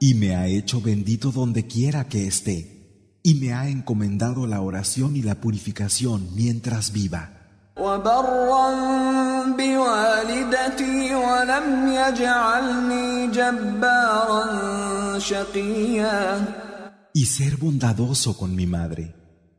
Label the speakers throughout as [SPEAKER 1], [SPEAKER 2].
[SPEAKER 1] Y me ha hecho bendito donde quiera que esté, y me ha encomendado la oración y la purificación mientras viva. Y ser bondadoso con mi madre.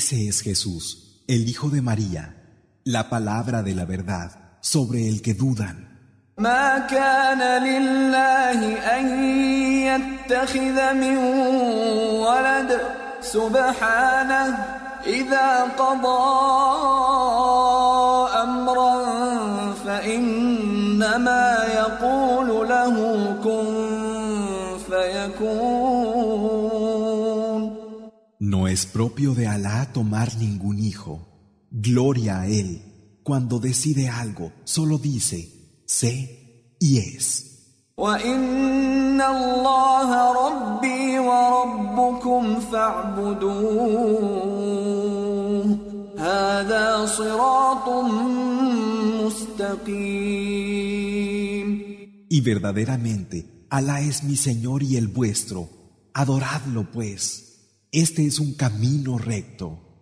[SPEAKER 1] Ese es Jesús, el Hijo de María, la palabra de la verdad sobre el que dudan.
[SPEAKER 2] ما كان لله أن يتخذ من ولد سبحانه إذا قضى أمرا فإنما يقول له كن فيكون
[SPEAKER 1] no es propio de Alá tomar ningún hijo. Gloria a Él. Cuando decide algo, solo dice, sé y es. Y verdaderamente, Alá es mi Señor y el vuestro. Adoradlo pues. Este es un camino recto.